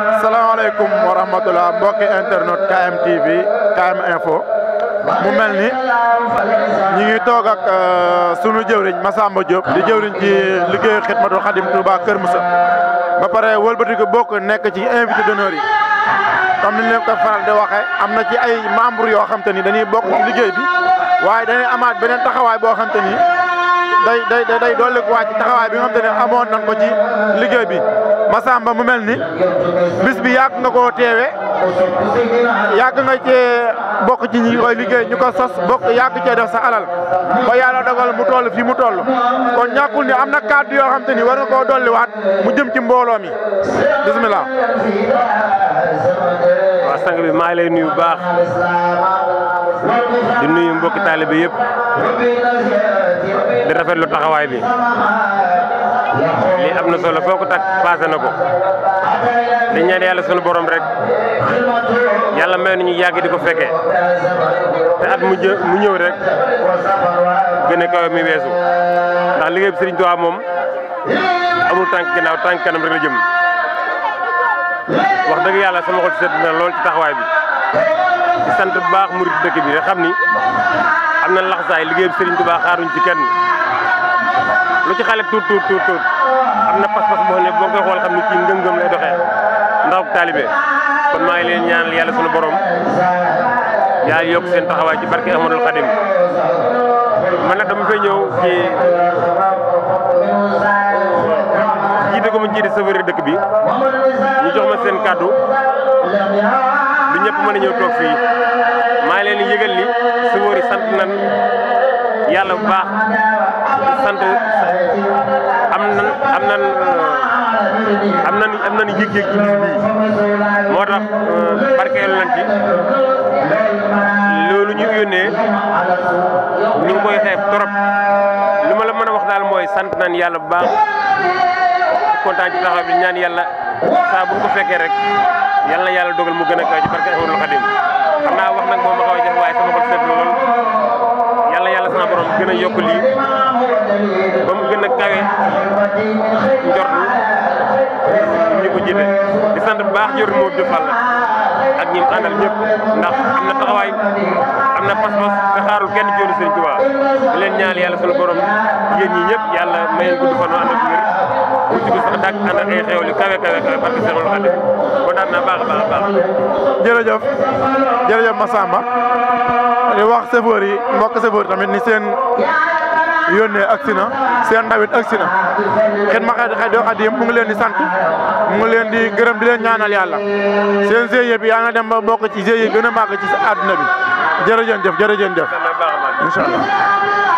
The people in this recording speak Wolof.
salaamaaleykum wa rahmatulah mbokki internet KM TV KM Info mu mel ni ñi ngi toog ak euh, sunu jëwriñ Massamba Diop di jëwriñ ci liggéeyu Xidmatul Xadim Touba Kër Moussa ba pare wëlbatiku bokk nekk ci invité d'honneur yi comme ni leen ko faral di waxee am na ci ay membre yoo xam te ni dañuy bokk ci liggéey bi waaye dañuy amaat beneen taxawaay boo xam ni. day day day dolli ko waa taxawaay bi xam te ne amoon nan ko ci liggéey bi Massamba mu mel ni bis bi yàgg nga koo teewe yàgg nga cee bokk ci ñi koy liggéey ñu ko sos bokk yàgg cee def sa alal ba yàlla dogal mu toll fii mu toll kon ñàkkul ni am na kàddu yoo xam te ni war nga koo dolliwaat mu jëm ci mbooloo mi bisimilah. waaw bi maa ngi lay nuyu bu baax di nuyu mbokki taalibe yëpp. di rafetlu taxawaay bi lii am na solo foo ko takk paase na ko di ñaan yàlla sunu borom rek yàlla may nañu yàgg di ko fekkee te at mu jë mu ñëw rek gën a kawe mi weesu ndax liggéey bi Sëriñ Tuubaa moom amul tànk ginnaaw tànk kanam rek la jëm wax dëgg yàlla sama xol sedd na lool ci taxawaay bi di sant bu baax murid dëkk bi rek xam ni. am nañ laxasaay liggéeyam du Touba xaaruñ ci kenn lu ci xale tuut tuut tuut am na pas-pas boo ne boo koy xool xam ne kii ngëm-ngëm lay doxee ndax taalibe kon maa ngi leen ñaanal yàlla sunu borom yaa yokk seen taxawaay ci barke Ahmadul Xadim man nag dama fay ñëw ci jiite ko mu jiite safari dëkk bi ñu jox ma seen kàddu du ñëpp mën a ñëw toog fii maa ngi leen di yëgal ni chauffeur yi sant nan yàlla bu baax sant am nan am nan am nan am nan yëg-yëg moo tax euh, barkeelu nañ ci loolu ñu yónnee ñu ngi koy xeeb trop li ma la mën a wax daal mooy sant nan yàlla bu baax kontaan ci taxaw bi ñaan yàlla saa bu ko fekkee rek yal na yàlla dogal mu gën a kaw ci barke Ahmadul Xadim waaye sama xol seet lool yal na yàlla sama borom gën a yokk lii ba mu gën a kawe njort ñu ko jiite di sant baax jor moo jëfal ak ñi mu àndal ndax am na taxawaay am na pas-pas te xaarul kenn jooni Sëriñ Tuubaa di leen ñaal yàlla sunu borom yéen ñi ñëpp yàlla mayeen gudd fan ànd ak wér bu ci ko sax dàkk ànd ak ay kawe kawe kawe barke Seexul Xadim yaakaar jërëjëf jërëjëf Massamba di wax chauffeur yi mbokk chauffeur tamit ni seen yónnee agsi na seen ndawit agsi na ma xet xet doo mu ngi leen di sant mu ngi leen di gërëm di leen ñaanal yàlla seen GIE bi yaa nga dem ba bokk ci GIE gën a màgg ci àdduna bi jërëjëf jëf jërëjëf jëf incha